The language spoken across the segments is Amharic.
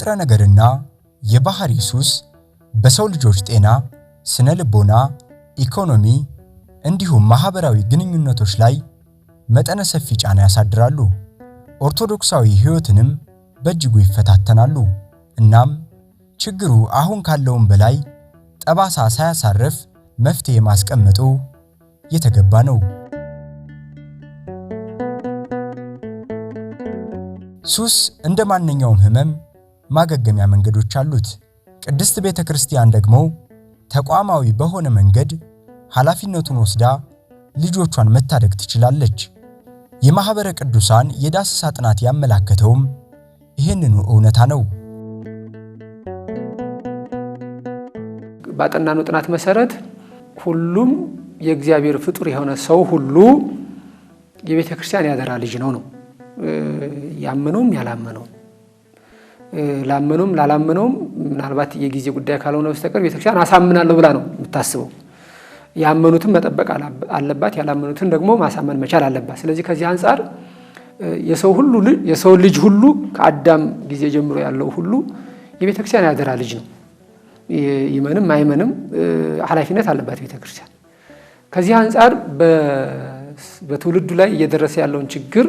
የንጥረ ነገርና የባህሪ ሱስ በሰው ልጆች ጤና፣ ስነ ልቦና፣ ኢኮኖሚ እንዲሁም ማህበራዊ ግንኙነቶች ላይ መጠነ ሰፊ ጫና ያሳድራሉ። ኦርቶዶክሳዊ ሕይወትንም በእጅጉ ይፈታተናሉ። እናም ችግሩ አሁን ካለውም በላይ ጠባሳ ሳያሳርፍ መፍትሄ ማስቀመጡ የተገባ ነው። ሱስ እንደ ማንኛውም ህመም ማገገሚያ መንገዶች አሉት። ቅድስት ቤተ ክርስቲያን ደግሞ ተቋማዊ በሆነ መንገድ ኃላፊነቱን ወስዳ ልጆቿን መታደግ ትችላለች። የማኅበረ ቅዱሳን የዳሰሳ ጥናት ያመላከተውም ይህንኑ እውነታ ነው። ባጠናነው ጥናት መሰረት ሁሉም የእግዚአብሔር ፍጡር የሆነ ሰው ሁሉ የቤተ ክርስቲያን ያደራ ልጅ ነው ነው ያመነውም ያላመነውም ላመነውም ላላመነውም ምናልባት የጊዜ ጉዳይ ካልሆነ በስተቀር ቤተክርስቲያን አሳምናለሁ ብላ ነው የምታስበው። ያመኑትን መጠበቅ አለባት፣ ያላመኑትን ደግሞ ማሳመን መቻል አለባት። ስለዚህ ከዚህ አንጻር የሰው ሁሉ የሰው ልጅ ሁሉ ከአዳም ጊዜ ጀምሮ ያለው ሁሉ የቤተክርስቲያን ያደራ ልጅ ነው። ይመንም አይመንም ኃላፊነት አለባት ቤተክርስቲያን። ከዚህ አንጻር በትውልዱ ላይ እየደረሰ ያለውን ችግር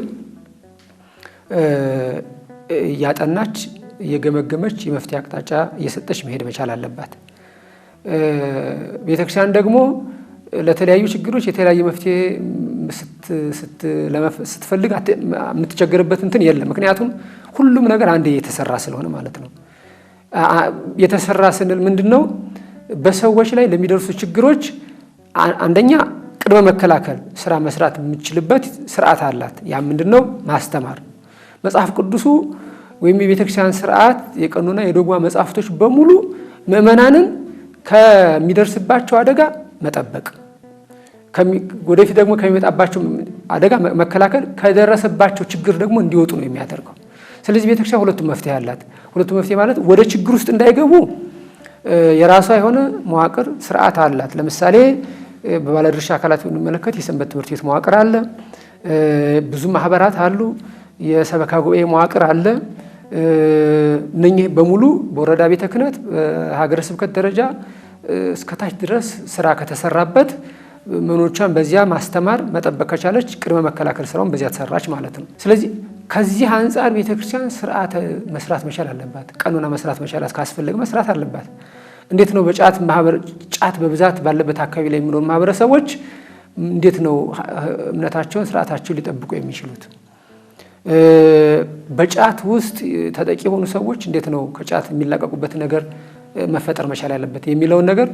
እያጠናች እየገመገመች የመፍትሄ አቅጣጫ እየሰጠች መሄድ መቻል አለባት። ቤተክርስቲያን ደግሞ ለተለያዩ ችግሮች የተለያየ መፍትሄ ስትፈልግ የምትቸገርበት እንትን የለም። ምክንያቱም ሁሉም ነገር አንድ የተሰራ ስለሆነ ማለት ነው። የተሰራ ስንል ምንድን ነው? በሰዎች ላይ ለሚደርሱ ችግሮች አንደኛ ቅድመ መከላከል ስራ መስራት የምችልበት ስርዓት አላት። ያ ምንድን ነው? ማስተማር። መጽሐፍ ቅዱሱ ወይም የቤተክርስቲያን ስርዓት የቀኖና የዶግማ መጽሐፍቶች በሙሉ ምእመናንን ከሚደርስባቸው አደጋ መጠበቅ፣ ወደፊት ደግሞ ከሚመጣባቸው አደጋ መከላከል፣ ከደረሰባቸው ችግር ደግሞ እንዲወጡ ነው የሚያደርገው። ስለዚህ ቤተክርስቲያን ሁለቱም መፍትሄ አላት። ሁለቱም መፍትሄ ማለት ወደ ችግር ውስጥ እንዳይገቡ የራሷ የሆነ መዋቅር ስርዓት አላት። ለምሳሌ በባለድርሻ አካላት ብንመለከት የሰንበት ትምህርት ቤት መዋቅር አለ። ብዙ ማህበራት አሉ። የሰበካ ጉባኤ መዋቅር አለ። እነኚህ በሙሉ በወረዳ ቤተ ክህነት በሀገረ ስብከት ደረጃ እስከታች ድረስ ስራ ከተሰራበት መኖቿን በዚያ ማስተማር መጠበቅ ከቻለች ቅድመ መከላከል ስራውን በዚያ ተሰራች ማለት ነው። ስለዚህ ከዚህ አንጻር ቤተክርስቲያን ስርዓት መስራት መቻል አለባት። ቀኖና መስራት መቻል ካስፈለገ መስራት አለባት። እንዴት ነው በጫት ጫት በብዛት ባለበት አካባቢ ላይ የሚኖሩ ማህበረሰቦች እንዴት ነው እምነታቸውን ስርዓታቸውን ሊጠብቁ የሚችሉት? በጫት ውስጥ ተጠቂ የሆኑ ሰዎች እንዴት ነው ከጫት የሚላቀቁበት ነገር መፈጠር መቻል ያለበት የሚለውን ነገር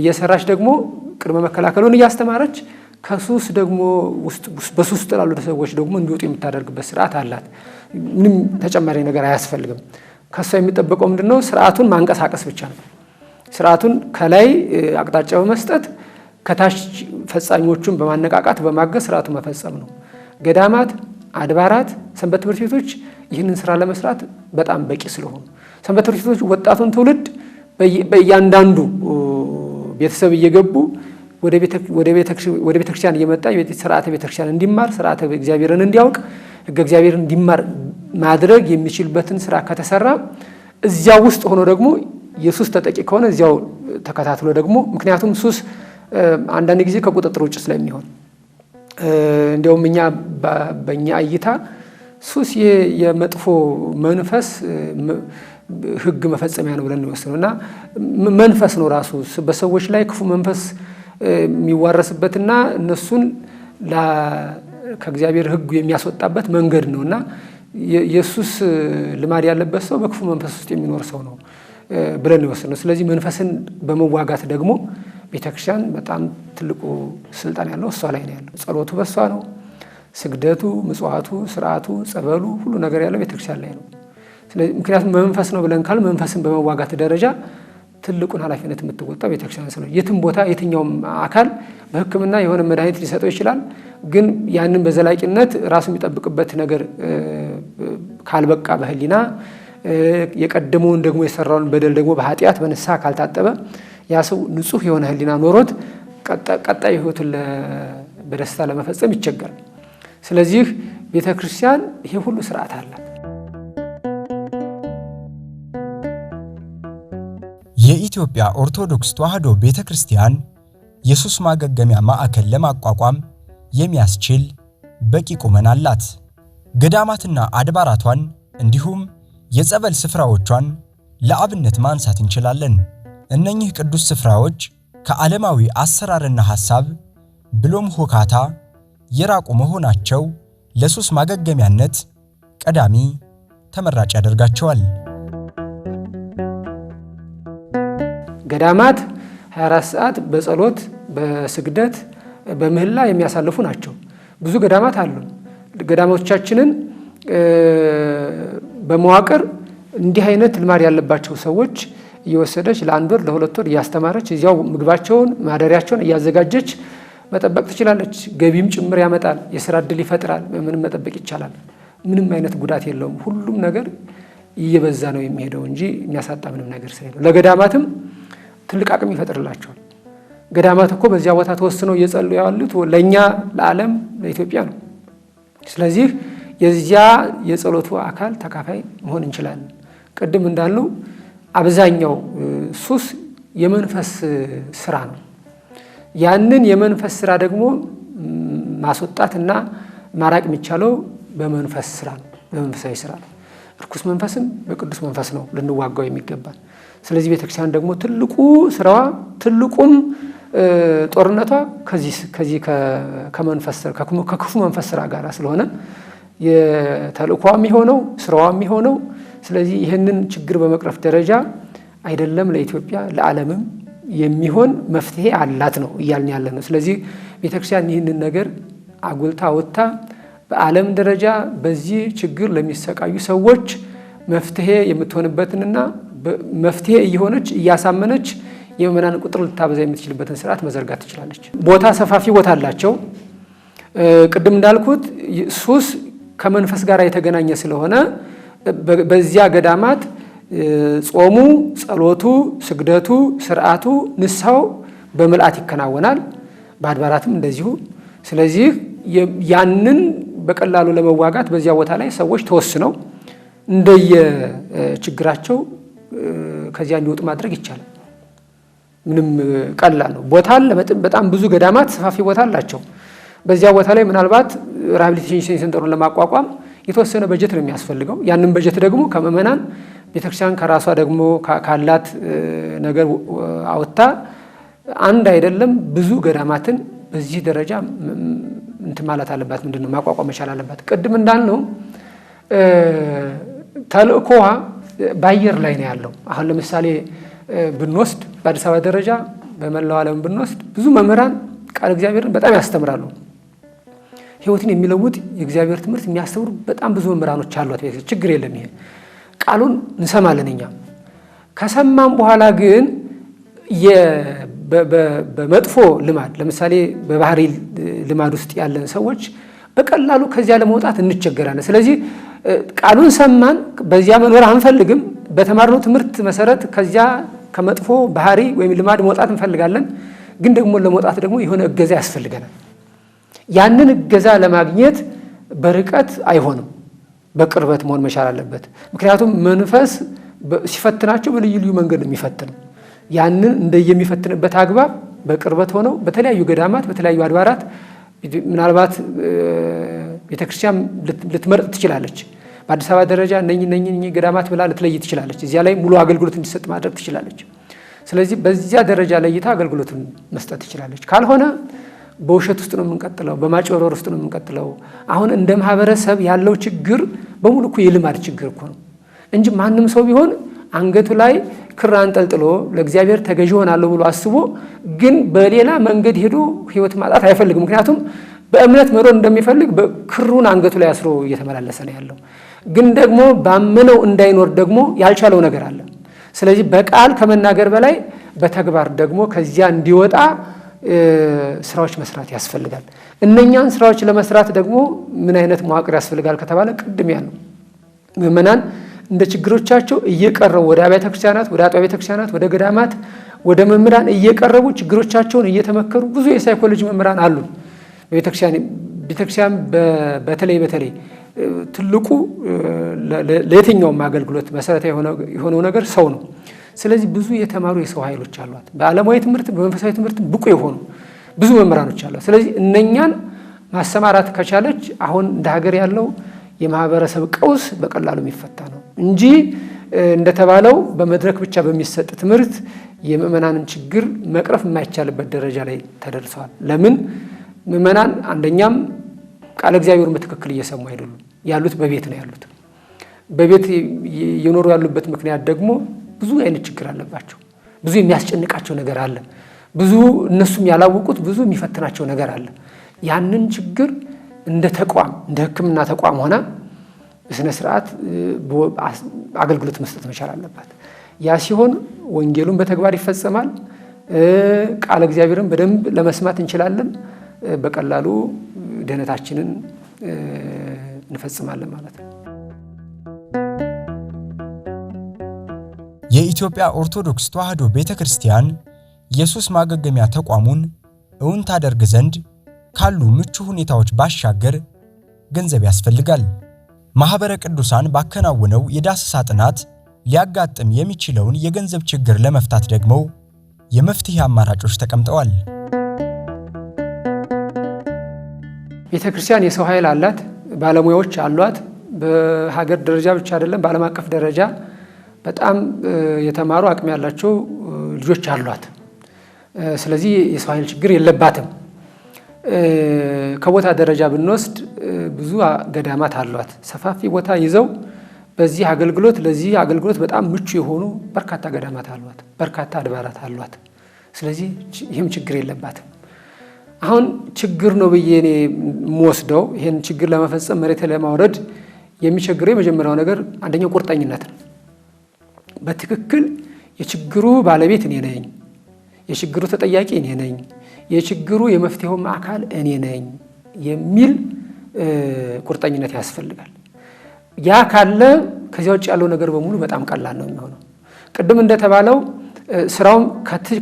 እየሰራች ደግሞ ቅድመ መከላከሉን እያስተማረች ከሱስ ደግሞ በሱስ ውስጥ ላሉ ሰዎች ደግሞ እንዲወጡ የምታደርግበት ስርዓት አላት። ምንም ተጨማሪ ነገር አያስፈልግም። ከሷ የሚጠበቀው ምንድን ነው? ስርዓቱን ማንቀሳቀስ ብቻ ነው። ስርዓቱን ከላይ አቅጣጫ በመስጠት ከታች ፈጻሚዎቹን በማነቃቃት በማገዝ ስርዓቱ መፈጸም ነው። ገዳማት አድባራት፣ ሰንበት ትምህርት ቤቶች ይህንን ስራ ለመስራት በጣም በቂ ስለሆኑ ሰንበት ትምህርት ቤቶች ወጣቱን ትውልድ በእያንዳንዱ ቤተሰብ እየገቡ ወደ ቤተክርስቲያን እየመጣ ስርዓተ ቤተክርስቲያን እንዲማር ስርዓተ እግዚአብሔርን እንዲያውቅ ሕገ እግዚአብሔርን እንዲማር ማድረግ የሚችልበትን ስራ ከተሰራ እዚያ ውስጥ ሆኖ ደግሞ የሱስ ተጠቂ ከሆነ እዚያው ተከታትሎ ደግሞ ምክንያቱም ሱስ አንዳንድ ጊዜ ከቁጥጥር ውጭ ስለሚሆን እንዲያውም እኛ በእኛ እይታ ሱስ የመጥፎ መንፈስ ህግ መፈጸሚያ ነው ብለን ነው እና መንፈስ ነው ራሱ በሰዎች ላይ ክፉ መንፈስ የሚዋረስበትና እነሱን ከእግዚአብሔር ህጉ የሚያስወጣበት መንገድ ነው እና የሱስ ልማድ ያለበት ሰው በክፉ መንፈስ ውስጥ የሚኖር ሰው ነው ብለን ነው ስለዚህ መንፈስን በመዋጋት ደግሞ ቤተክርስቲያን በጣም ትልቁ ስልጣን ያለው እሷ ላይ ነው ያለው። ጸሎቱ በሷ ነው። ስግደቱ፣ ምጽዋቱ፣ ስርዓቱ፣ ጸበሉ፣ ሁሉ ነገር ያለው ቤተክርስቲያን ላይ ነው። ምክንያቱም መንፈስ ነው ብለን ካል መንፈስን በመዋጋት ደረጃ ትልቁን ኃላፊነት የምትወጣ ቤተክርስቲያን ስለ የትም ቦታ የትኛውም አካል በሕክምና የሆነ መድኃኒት ሊሰጠው ይችላል። ግን ያንን በዘላቂነት ራሱ የሚጠብቅበት ነገር ካልበቃ በህሊና የቀደመውን ደግሞ የሰራውን በደል ደግሞ በኃጢአት በንስሐ ካልታጠበ ያ ሰው ንጹህ የሆነ ህሊና ኖሮት ቀጣይ ህይወቱን በደስታ ለመፈጸም ይቸገራል። ስለዚህ ቤተ ክርስቲያን ይሄ ሁሉ ስርዓት አላት። የኢትዮጵያ ኦርቶዶክስ ተዋህዶ ቤተ ክርስቲያን የሱስ ማገገሚያ ማዕከል ለማቋቋም የሚያስችል በቂ ቁመን አላት። ገዳማትና አድባራቷን እንዲሁም የጸበል ስፍራዎቿን ለአብነት ማንሳት እንችላለን። እነኚህ ቅዱስ ስፍራዎች ከዓለማዊ አሰራርና ሐሳብ ብሎም ሁካታ የራቁ መሆናቸው ለሱስ ማገገሚያነት ቀዳሚ ተመራጭ ያደርጋቸዋል። ገዳማት 24 ሰዓት በጸሎት በስግደት በምህላ የሚያሳልፉ ናቸው። ብዙ ገዳማት አሉ። ገዳሞቻችንን በመዋቅር እንዲህ አይነት ልማድ ያለባቸው ሰዎች እየወሰደች ለአንድ ወር ለሁለት ወር እያስተማረች እዚያው ምግባቸውን ማደሪያቸውን እያዘጋጀች መጠበቅ ትችላለች። ገቢም ጭምር ያመጣል፣ የስራ እድል ይፈጥራል። ምንም መጠበቅ ይቻላል። ምንም አይነት ጉዳት የለውም። ሁሉም ነገር እየበዛ ነው የሚሄደው እንጂ የሚያሳጣ ምንም ነገር ስለሌለ ለገዳማትም ትልቅ አቅም ይፈጥርላቸዋል። ገዳማት እኮ በዚያ ቦታ ተወስነው እየጸሉ ያሉት ለእኛ ለዓለም ለኢትዮጵያ ነው። ስለዚህ የዚያ የጸሎቱ አካል ተካፋይ መሆን እንችላለን። ቅድም እንዳሉ አብዛኛው ሱስ የመንፈስ ስራ ነው። ያንን የመንፈስ ስራ ደግሞ ማስወጣትና ማራቅ የሚቻለው በመንፈስ ስራ ነው፣ በመንፈሳዊ ስራ ነው። እርኩስ መንፈስን በቅዱስ መንፈስ ነው ልንዋጋው የሚገባል። ስለዚህ ቤተክርስቲያን ደግሞ ትልቁ ስራዋ ትልቁም ጦርነቷ ከዚህ ከክፉ መንፈስ ስራ ጋር ስለሆነ የተልእኳ የሚሆነው ስራዋ የሚሆነው ስለዚህ ይህንን ችግር በመቅረፍ ደረጃ አይደለም ለኢትዮጵያ ለዓለምም የሚሆን መፍትሄ አላት ነው እያልን ያለ ነው። ስለዚህ ቤተክርስቲያን ይህንን ነገር አጉልታ ወጥታ በዓለም ደረጃ በዚህ ችግር ለሚሰቃዩ ሰዎች መፍትሄ የምትሆንበትንና መፍትሄ እየሆነች እያሳመነች የምዕመናን ቁጥር ልታበዛ የምትችልበትን ስርዓት መዘርጋት ትችላለች። ቦታ ሰፋፊ ቦታ አላቸው። ቅድም እንዳልኩት ሱስ ከመንፈስ ጋር የተገናኘ ስለሆነ በዚያ ገዳማት ጾሙ፣ ጸሎቱ፣ ስግደቱ፣ ስርዓቱ፣ ንስሐው በምልአት ይከናወናል። በአድባራትም እንደዚሁ። ስለዚህ ያንን በቀላሉ ለመዋጋት በዚያ ቦታ ላይ ሰዎች ተወስነው እንደየ ችግራቸው ከዚያ እንዲወጡ ማድረግ ይቻላል። ምንም ቀላል ነው። ቦታ በጣም ብዙ ገዳማት ሰፋፊ ቦታ አላቸው። በዚያ ቦታ ላይ ምናልባት ሪሃቢሊቴሽን ሴንተሩን ለማቋቋም የተወሰነ በጀት ነው የሚያስፈልገው። ያንን በጀት ደግሞ ከምእመናን ቤተክርስቲያን ከራሷ ደግሞ ካላት ነገር አወጥታ አንድ አይደለም ብዙ ገዳማትን በዚህ ደረጃ እንትን ማለት አለባት። ምንድን ነው ማቋቋም መቻል አለባት። ቅድም እንዳልነው ተልእኮዋ በአየር ላይ ነው ያለው። አሁን ለምሳሌ ብንወስድ በአዲስ አበባ ደረጃ በመላው ዓለም ብንወስድ ብዙ መምህራን ቃል እግዚአብሔርን በጣም ያስተምራሉ። ህይወትን የሚለውጥ የእግዚአብሔር ትምህርት የሚያስተምሩ በጣም ብዙ መምህራኖች አሏት። ችግር የለም። ይሄ ቃሉን እንሰማለን እኛ። ከሰማም በኋላ ግን በመጥፎ ልማድ ለምሳሌ በባህሪ ልማድ ውስጥ ያለን ሰዎች በቀላሉ ከዚያ ለመውጣት እንቸገራለን። ስለዚህ ቃሉን ሰማን፣ በዚያ መኖር አንፈልግም። በተማርነው ትምህርት መሰረት ከዚያ ከመጥፎ ባህሪ ወይም ልማድ መውጣት እንፈልጋለን። ግን ደግሞ ለመውጣት ደግሞ የሆነ እገዛ ያስፈልገናል። ያንን እገዛ ለማግኘት በርቀት አይሆንም፣ በቅርበት መሆን መቻል አለበት። ምክንያቱም መንፈስ ሲፈትናቸው በልዩ ልዩ መንገድ ነው የሚፈትነው። ያንን እንደየሚፈትንበት አግባብ በቅርበት ሆነው በተለያዩ ገዳማት፣ በተለያዩ አድባራት ምናልባት ቤተክርስቲያን ልትመርጥ ትችላለች። በአዲስ አበባ ደረጃ እነኝ እነኝህ ገዳማት ብላ ልትለይ ትችላለች። እዚያ ላይ ሙሉ አገልግሎት እንዲሰጥ ማድረግ ትችላለች። ስለዚህ በዚያ ደረጃ ለይታ አገልግሎትን መስጠት ትችላለች። ካልሆነ በውሸት ውስጥ ነው የምንቀጥለው፣ በማጭበርበር ውስጥ ነው የምንቀጥለው። አሁን እንደ ማህበረሰብ ያለው ችግር በሙሉ እኮ የልማድ ችግር እኮ ነው እንጂ ማንም ሰው ቢሆን አንገቱ ላይ ክር አንጠልጥሎ ለእግዚአብሔር ተገዥ ሆናለሁ ብሎ አስቦ ግን በሌላ መንገድ ሄዶ ህይወት ማጣት አይፈልግም። ምክንያቱም በእምነት መኖር እንደሚፈልግ ክሩን አንገቱ ላይ አስሮ እየተመላለሰ ነው ያለው። ግን ደግሞ ባመነው እንዳይኖር ደግሞ ያልቻለው ነገር አለ። ስለዚህ በቃል ከመናገር በላይ በተግባር ደግሞ ከዚያ እንዲወጣ ስራዎች መስራት ያስፈልጋል። እነኛን ስራዎች ለመስራት ደግሞ ምን አይነት መዋቅር ያስፈልጋል ከተባለ ቅድም ያለው ምእመናን እንደ ችግሮቻቸው እየቀረቡ ወደ አብያተ ክርስቲያናት፣ ወደ አጥቢያ ቤተ ክርስቲያናት፣ ወደ ገዳማት፣ ወደ መምህራን እየቀረቡ ችግሮቻቸውን እየተመከሩ ብዙ የሳይኮሎጂ መምህራን አሉ። ቤተክርስቲያን በተለይ በተለይ ትልቁ ለየትኛውም አገልግሎት መሰረታዊ የሆነው ነገር ሰው ነው። ስለዚህ ብዙ የተማሩ የሰው ኃይሎች አሏት። በዓለማዊ ትምህርት፣ በመንፈሳዊ ትምህርት ብቁ የሆኑ ብዙ መምህራኖች አሏት። ስለዚህ እነኛን ማሰማራት ከቻለች አሁን እንደ ሀገር ያለው የማህበረሰብ ቀውስ በቀላሉ የሚፈታ ነው እንጂ እንደተባለው በመድረክ ብቻ በሚሰጥ ትምህርት የምዕመናንን ችግር መቅረፍ የማይቻልበት ደረጃ ላይ ተደርሰዋል። ለምን ምዕመናን አንደኛም ቃለ እግዚአብሔሩን በትክክል እየሰሙ አይደሉም። ያሉት በቤት ነው ያሉት። በቤት እየኖሩ ያሉበት ምክንያት ደግሞ ብዙ አይነት ችግር አለባቸው። ብዙ የሚያስጨንቃቸው ነገር አለ። ብዙ እነሱም ያላወቁት ብዙ የሚፈትናቸው ነገር አለ። ያንን ችግር እንደ ተቋም እንደ ሕክምና ተቋም ሆና በስነ ስርዓት አገልግሎት መስጠት መቻል አለባት። ያ ሲሆን ወንጌሉን በተግባር ይፈጸማል። ቃለ እግዚአብሔርን በደንብ ለመስማት እንችላለን። በቀላሉ ድህነታችንን እንፈጽማለን ማለት ነው። የኢትዮጵያ ኦርቶዶክስ ተዋሕዶ ቤተ ክርስቲያን ኢየሱስ ማገገሚያ ተቋሙን እውን ታደርግ ዘንድ ካሉ ምቹ ሁኔታዎች ባሻገር ገንዘብ ያስፈልጋል። ማኅበረ ቅዱሳን ባከናወነው የዳሰሳ ጥናት ሊያጋጥም የሚችለውን የገንዘብ ችግር ለመፍታት ደግሞ የመፍትሄ አማራጮች ተቀምጠዋል። ቤተ ክርስቲያን የሰው ኃይል አላት፣ ባለሙያዎች አሏት። በሀገር ደረጃ ብቻ አይደለም፣ በዓለም አቀፍ ደረጃ በጣም የተማሩ አቅም ያላቸው ልጆች አሏት። ስለዚህ የሰው ኃይል ችግር የለባትም። ከቦታ ደረጃ ብንወስድ ብዙ ገዳማት አሏት። ሰፋፊ ቦታ ይዘው በዚህ አገልግሎት ለዚህ አገልግሎት በጣም ምቹ የሆኑ በርካታ ገዳማት አሏት፣ በርካታ አድባራት አሏት። ስለዚህ ይህም ችግር የለባትም። አሁን ችግር ነው ብዬ እኔ የምወስደው ይህን ችግር ለመፈጸም መሬት ለማውረድ የሚቸግረው የመጀመሪያው ነገር አንደኛው ቁርጠኝነት ነው። በትክክል የችግሩ ባለቤት እኔ ነኝ፣ የችግሩ ተጠያቂ እኔ ነኝ፣ የችግሩ የመፍትሄውም አካል እኔ ነኝ የሚል ቁርጠኝነት ያስፈልጋል። ያ ካለ ከዚያ ውጭ ያለው ነገር በሙሉ በጣም ቀላል ነው የሚሆነው። ቅድም እንደተባለው ስራውን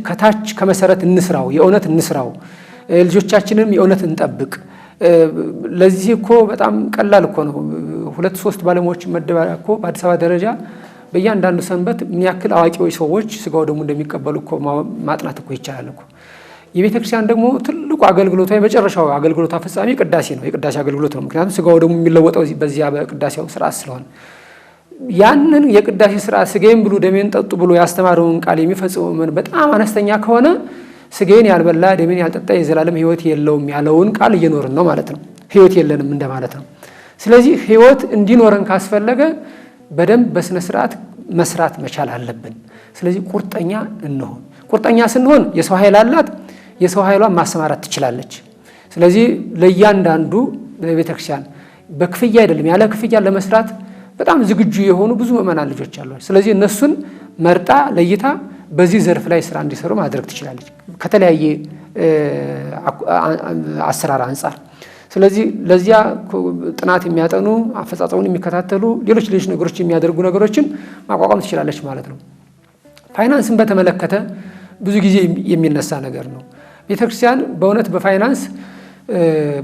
ከታች ከመሰረት እንስራው፣ የእውነት እንስራው፣ ልጆቻችንም የእውነት እንጠብቅ። ለዚህ እኮ በጣም ቀላል እኮ ነው። ሁለት ሶስት ባለሙያዎች መደባ እኮ በአዲስ አበባ ደረጃ በእያንዳንዱ ሰንበት ምን ያክል አዋቂዎች ሰዎች ስጋው ደግሞ እንደሚቀበሉ እኮ ማጥናት እኮ ይቻላል እኮ። የቤተ ክርስቲያን ደግሞ ትልቁ አገልግሎቷ የመጨረሻው አገልግሎቷ ፍጻሜ ቅዳሴ ነው፣ የቅዳሴ አገልግሎት ነው። ምክንያቱም ስጋው ደግሞ የሚለወጠው በዚያ በቅዳሴው ስርዓት ስለሆነ ያንን የቅዳሴ ስርዓት ስጋዬን ብሉ ደሜን ጠጡ ብሎ ያስተማረውን ቃል የሚፈጽመው ምን በጣም አነስተኛ ከሆነ ስጋዬን ያልበላ ደሜን ያልጠጣ የዘላለም ሕይወት የለውም ያለውን ቃል እየኖርን ነው ማለት ነው። ሕይወት የለንም እንደማለት ነው። ስለዚህ ሕይወት እንዲኖረን ካስፈለገ በደንብ በስነ ስርዓት መስራት መቻል አለብን። ስለዚህ ቁርጠኛ እንሆን። ቁርጠኛ ስንሆን የሰው ኃይል አላት፣ የሰው ኃይሏን ማሰማራት ትችላለች። ስለዚህ ለእያንዳንዱ ቤተክርስቲያን በክፍያ አይደለም ያለ ክፍያ ለመስራት በጣም ዝግጁ የሆኑ ብዙ ምዕመናን ልጆች አሉ። ስለዚህ እነሱን መርጣ ለይታ በዚህ ዘርፍ ላይ ስራ እንዲሰሩ ማድረግ ትችላለች ከተለያየ አሰራር አንጻር ስለዚህ ለዚያ ጥናት የሚያጠኑ አፈጻጸሙን የሚከታተሉ ሌሎች ሌሎች ነገሮች የሚያደርጉ ነገሮችን ማቋቋም ትችላለች ማለት ነው። ፋይናንስን በተመለከተ ብዙ ጊዜ የሚነሳ ነገር ነው። ቤተክርስቲያን በእውነት በፋይናንስ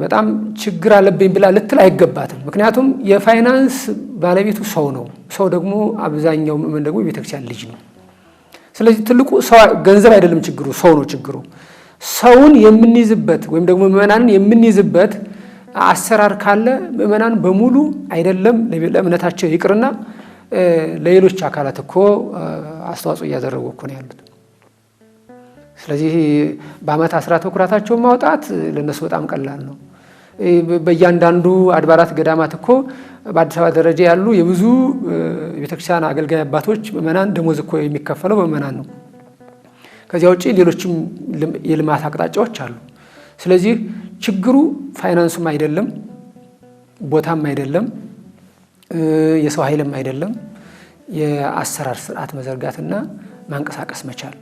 በጣም ችግር አለብኝ ብላ ልትል አይገባትም። ምክንያቱም የፋይናንስ ባለቤቱ ሰው ነው። ሰው ደግሞ አብዛኛው ምዕመን ደግሞ የቤተክርስቲያን ልጅ ነው። ስለዚህ ትልቁ ሰው ገንዘብ አይደለም ችግሩ፣ ሰው ነው ችግሩ። ሰውን የምንይዝበት ወይም ደግሞ ምእመናንን የምንይዝበት አሰራር ካለ ምእመናን በሙሉ አይደለም ለእምነታቸው ይቅርና ለሌሎች አካላት እኮ አስተዋጽኦ እያደረጉ እኮ ነው ያሉት። ስለዚህ በዓመት አስራ ተኩራታቸውን ማውጣት ለእነሱ በጣም ቀላል ነው። በእያንዳንዱ አድባራት ገዳማት እኮ በአዲስ አበባ ደረጃ ያሉ የብዙ ቤተክርስቲያን አገልጋይ አባቶች ምእመናን ደሞዝ እኮ የሚከፈለው በምእመናን ነው። ከዚያ ውጭ ሌሎችም የልማት አቅጣጫዎች አሉ። ስለዚህ ችግሩ ፋይናንሱም አይደለም፣ ቦታም አይደለም፣ የሰው ኃይልም አይደለም፣ የአሰራር ስርዓት መዘርጋትና ማንቀሳቀስ መቻል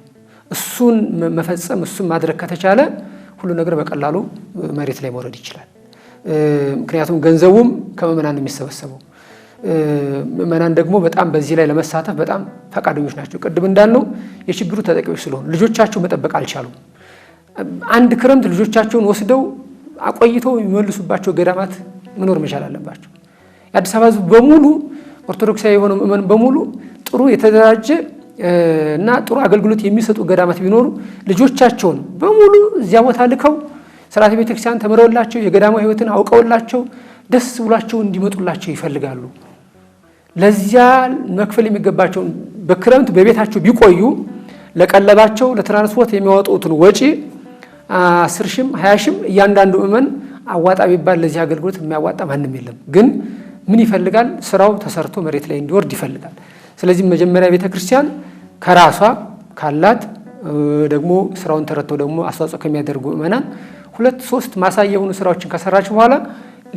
እሱን መፈጸም እሱን ማድረግ ከተቻለ ሁሉ ነገር በቀላሉ መሬት ላይ መውረድ ይችላል። ምክንያቱም ገንዘቡም ከምዕመናን የሚሰበሰበው። ምእመናን ደግሞ በጣም በዚህ ላይ ለመሳተፍ በጣም ፈቃደኞች ናቸው። ቅድም እንዳልነው የችግሩ ተጠቂዎች ስለሆኑ ልጆቻቸው መጠበቅ አልቻሉም። አንድ ክረምት ልጆቻቸውን ወስደው አቆይተው የሚመልሱባቸው ገዳማት መኖር መቻል አለባቸው። የአዲስ አበባ ሕዝብ በሙሉ ኦርቶዶክሳዊ የሆነው ምእመን በሙሉ ጥሩ የተደራጀ እና ጥሩ አገልግሎት የሚሰጡ ገዳማት ቢኖሩ ልጆቻቸውን በሙሉ እዚያ ቦታ ልከው ስርዓተ ቤተክርስቲያን ተምረውላቸው የገዳማ ሕይወትን አውቀውላቸው ደስ ብሏቸው እንዲመጡላቸው ይፈልጋሉ። ለዚያ መክፈል የሚገባቸውን በክረምት በቤታቸው ቢቆዩ ለቀለባቸው ለትራንስፖርት የሚያወጡትን ወጪ አስር ሺም ሀያ ሺም እያንዳንዱ እመን አዋጣ ቢባል ለዚህ አገልግሎት የሚያዋጣ ማንም የለም። ግን ምን ይፈልጋል? ስራው ተሰርቶ መሬት ላይ እንዲወርድ ይፈልጋል። ስለዚህ መጀመሪያ ቤተ ክርስቲያን ከራሷ ካላት ደግሞ ስራውን ተረተው ደግሞ አስተዋጽኦ ከሚያደርጉ እመናን ሁለት ሶስት ማሳያ የሆኑ ስራዎችን ከሰራች በኋላ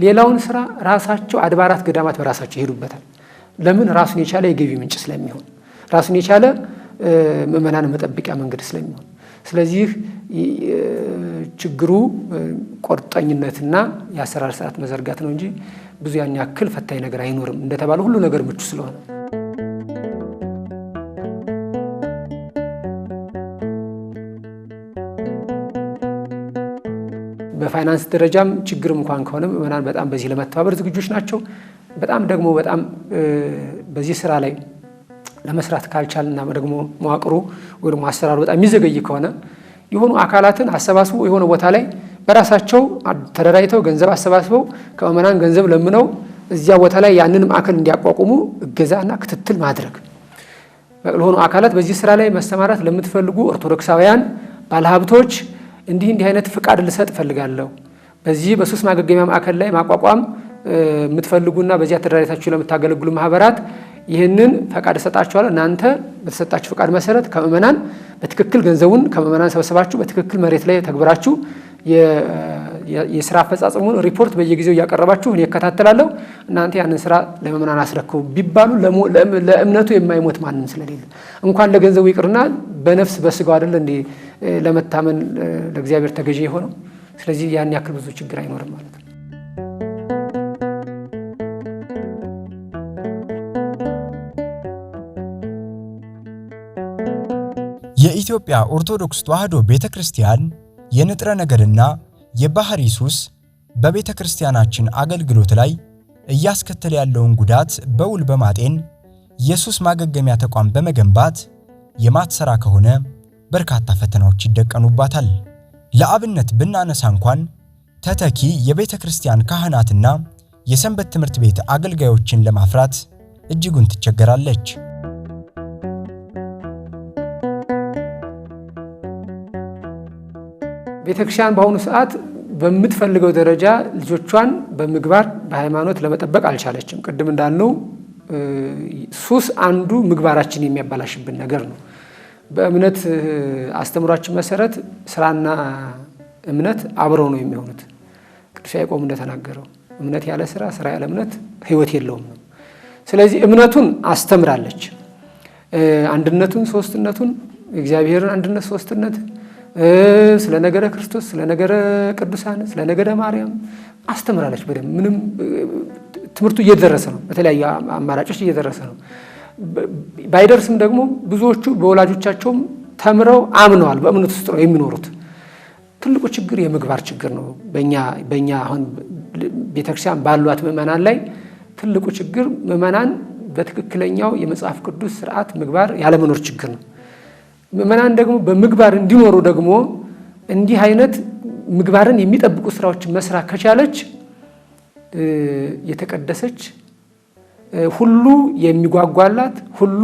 ሌላውን ስራ ራሳቸው አድባራት ገዳማት በራሳቸው ይሄዱበታል። ለምን ራሱን የቻለ የገቢ ምንጭ ስለሚሆን፣ ራሱን የቻለ ምዕመናን መጠበቂያ መንገድ ስለሚሆን። ስለዚህ ችግሩ ቆርጠኝነትና የአሰራር ስርዓት መዘርጋት ነው እንጂ ብዙ ያን ያክል ፈታኝ ነገር አይኖርም። እንደተባለ ሁሉ ነገር ምቹ ስለሆነ በፋይናንስ ደረጃም ችግር እንኳን ከሆነ ምዕመናን በጣም በዚህ ለመተባበር ዝግጆች ናቸው። በጣም ደግሞ በጣም በዚህ ስራ ላይ ለመስራት ካልቻልና ደግሞ መዋቅሩ ወይ ደግሞ አሰራሩ በጣም የሚዘገይ ከሆነ የሆኑ አካላትን አሰባስቦ የሆነ ቦታ ላይ በራሳቸው ተደራጅተው ገንዘብ አሰባስበው ከምዕመናን ገንዘብ ለምነው እዚያ ቦታ ላይ ያንን ማዕከል እንዲያቋቁሙ እገዛና ክትትል ማድረግ ለሆኑ አካላት በዚህ ስራ ላይ መሰማራት ለምትፈልጉ ኦርቶዶክሳውያን ባለሀብቶች እንዲህ እንዲህ አይነት ፍቃድ ልሰጥ እፈልጋለሁ። በዚህ በሱስ ማገገሚያ ማዕከል ላይ ማቋቋም የምትፈልጉና በዚያ ተደራጅታችሁ ለምታገለግሉ ማህበራት ይህንን ፈቃድ እሰጣችኋለሁ። እናንተ በተሰጣችሁ ፈቃድ መሰረት ከምእመናን በትክክል ገንዘቡን ከምእመናን ሰበሰባችሁ በትክክል መሬት ላይ ተግብራችሁ የስራ አፈጻጸሙን ሪፖርት በየጊዜው እያቀረባችሁ እኔ እከታተላለሁ፣ እናንተ ያንን ስራ ለምእመናን አስረክቡ ቢባሉ ለእምነቱ የማይሞት ማንም ስለሌለ እንኳን ለገንዘቡ ይቅርና በነፍስ በስጋው አይደለ እንዲ ለመታመን ለእግዚአብሔር ተገዢ የሆነው። ስለዚህ ያን ያክል ብዙ ችግር አይኖርም ማለት ነው። የኢትዮጵያ ኦርቶዶክስ ተዋሕዶ ቤተ ክርስቲያን የንጥረ ነገርና የባህር ሱስ በቤተ ክርስቲያናችን አገልግሎት ላይ እያስከተለ ያለውን ጉዳት በውል በማጤን የሱስ ማገገሚያ ተቋም በመገንባት የማትሰራ ከሆነ በርካታ ፈተናዎች ይደቀኑባታል። ለአብነት ብናነሳ እንኳን ተተኪ የቤተ ክርስቲያን ካህናትና የሰንበት ትምህርት ቤት አገልጋዮችን ለማፍራት እጅጉን ትቸገራለች። ቤተክርስቲያን በአሁኑ ሰዓት በምትፈልገው ደረጃ ልጆቿን በምግባር በሃይማኖት ለመጠበቅ አልቻለችም። ቅድም እንዳልነው ሱስ አንዱ ምግባራችን የሚያበላሽብን ነገር ነው። በእምነት አስተምሯችን መሰረት ስራና እምነት አብረው ነው የሚሆኑት። ቅዱስ ያዕቆብ እንደተናገረው እምነት ያለ ስራ፣ ስራ ያለ እምነት ህይወት የለውም ነው። ስለዚህ እምነቱን አስተምራለች፣ አንድነቱን፣ ሶስትነቱን፣ እግዚአብሔርን አንድነት ሶስትነት ስለ ነገረ ክርስቶስ፣ ስለ ነገረ ቅዱሳን፣ ስለ ነገረ ማርያም አስተምራለች በደንብ ምንም ትምህርቱ እየደረሰ ነው። በተለያዩ አማራጮች እየደረሰ ነው። ባይደርስም ደግሞ ብዙዎቹ በወላጆቻቸውም ተምረው አምነዋል። በእምነት ውስጥ ነው የሚኖሩት። ትልቁ ችግር የምግባር ችግር ነው። በእኛ አሁን ቤተክርስቲያን ባሏት ምዕመናን ላይ ትልቁ ችግር ምዕመናን በትክክለኛው የመጽሐፍ ቅዱስ ስርዓት ምግባር ያለመኖር ችግር ነው። ምእመናን ደግሞ በምግባር እንዲኖሩ ደግሞ እንዲህ አይነት ምግባርን የሚጠብቁ ስራዎችን መስራት ከቻለች የተቀደሰች ሁሉ የሚጓጓላት ሁሉ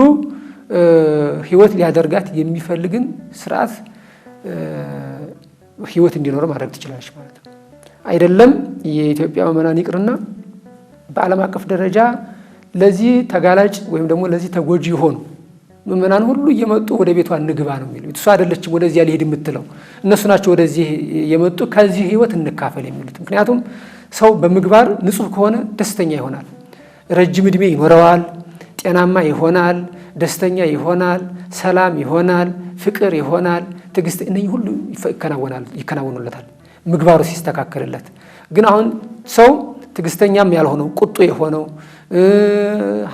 ህይወት ሊያደርጋት የሚፈልግን ስርዓት ህይወት እንዲኖር ማድረግ ትችላለች ማለት ነው። አይደለም የኢትዮጵያ ምእመናን ይቅርና በዓለም አቀፍ ደረጃ ለዚህ ተጋላጭ ወይም ደግሞ ለዚህ ተጎጂ የሆኑ ምእመናን ሁሉ እየመጡ ወደ ቤቷ እንግባ ነው የሚሉት። እሷ አይደለችም ወደዚያ ሊሄድ የምትለው፣ እነሱ ናቸው ወደዚህ የመጡ ከዚህ ህይወት እንካፈል የሚሉት። ምክንያቱም ሰው በምግባር ንጹህ ከሆነ ደስተኛ ይሆናል፣ ረጅም እድሜ ይኖረዋል፣ ጤናማ ይሆናል፣ ደስተኛ ይሆናል፣ ሰላም ይሆናል፣ ፍቅር ይሆናል፣ ትዕግስት፣ እነዚህ ሁሉ ይከናወኑለታል ምግባሩ ሲስተካከልለት። ግን አሁን ሰው ትግስተኛም ያልሆነው ቁጡ የሆነው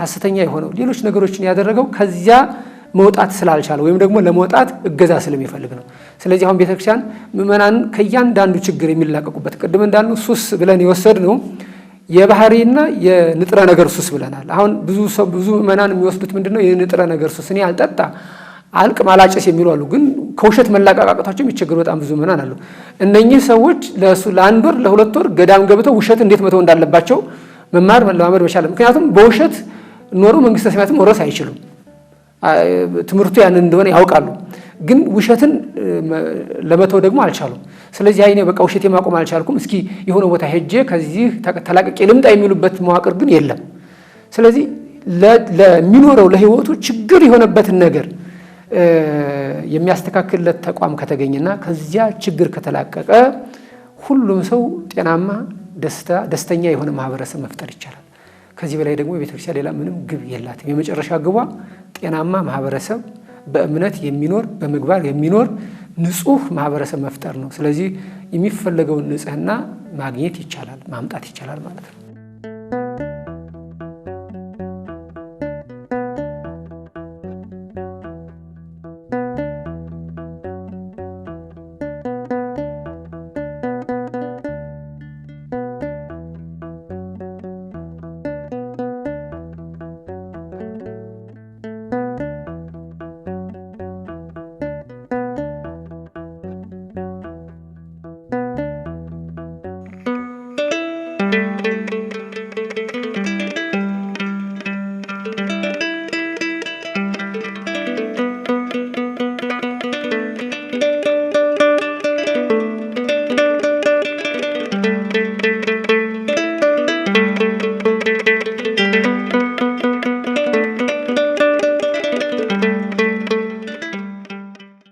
ሀሰተኛ የሆነው ሌሎች ነገሮችን ያደረገው ከዚያ መውጣት ስላልቻለ ወይም ደግሞ ለመውጣት እገዛ ስለሚፈልግ ነው። ስለዚህ አሁን ቤተክርስቲያን ምእመናን ከእያንዳንዱ ችግር የሚላቀቁበት ቅድም እንዳልነው ሱስ ብለን የወሰድነው የባህሪና የንጥረ ነገር ሱስ ብለናል። አሁን ብዙ ሰው ብዙ ምዕመናን የሚወስዱት ምንድነው የንጥረ ነገር ሱስ እኔ አልጠጣ አልቅ ማላጨስ የሚሉ አሉ። ግን ከውሸት መላቀቃቀታቸው የሚቸገሩ በጣም ብዙ ምናን አሉ። እነኚህ ሰዎች ለእሱ ለአንድ ወር ለሁለት ወር ገዳም ገብተው ውሸት እንዴት መተው እንዳለባቸው መማር መለማመድ መቻል። ምክንያቱም በውሸት ኖሮ መንግስተ ሰማያትም መውረስ አይችሉም። ትምህርቱ ያንን እንደሆነ ያውቃሉ። ግን ውሸትን ለመተው ደግሞ አልቻሉም። ስለዚህ አይኔ በቃ ውሸት የማቆም አልቻልኩም፣ እስኪ የሆነ ቦታ ሄጄ ከዚህ ተላቅቄ ልምጣ የሚሉበት መዋቅር ግን የለም። ስለዚህ ለሚኖረው ለህይወቱ ችግር የሆነበትን ነገር የሚያስተካክልለት ተቋም ከተገኘና ከዚያ ችግር ከተላቀቀ ሁሉም ሰው ጤናማ ደስተኛ የሆነ ማህበረሰብ መፍጠር ይቻላል። ከዚህ በላይ ደግሞ የቤተክርስቲያን ሌላ ምንም ግብ የላትም። የመጨረሻ ግቧ ጤናማ ማህበረሰብ በእምነት የሚኖር በምግባር የሚኖር ንጹህ ማህበረሰብ መፍጠር ነው። ስለዚህ የሚፈለገውን ንጽህና ማግኘት ይቻላል፣ ማምጣት ይቻላል ማለት ነው።